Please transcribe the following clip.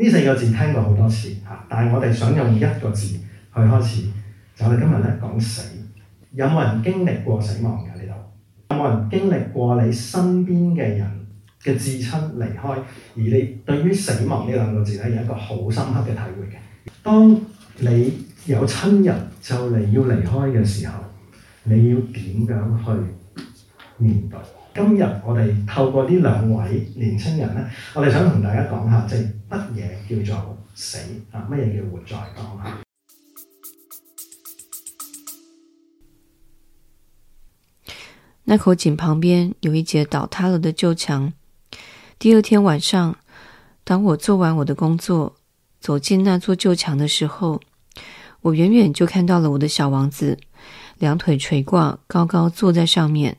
呢四個字聽過好多次，但係我哋想用一個字去開始，就我哋今日咧講死。有冇人經歷過死亡嘅？呢度有冇人經歷過你身邊嘅人嘅至親離開，而你對於死亡呢兩個字咧有一個好深刻嘅體會嘅？當你有親人就嚟要離開嘅時候，你要點樣去面對？今日我哋透過呢兩位年輕人咧，我哋想同大家講下，即係乜嘢叫做死啊？乜嘢叫活在當下？那口井旁邊有一截倒塌了的舊牆。第二天晚上，當我做完我的工作，走進那座舊牆嘅時候，我遠遠就看到了我嘅小王子，兩腿垂掛，高高坐在上面。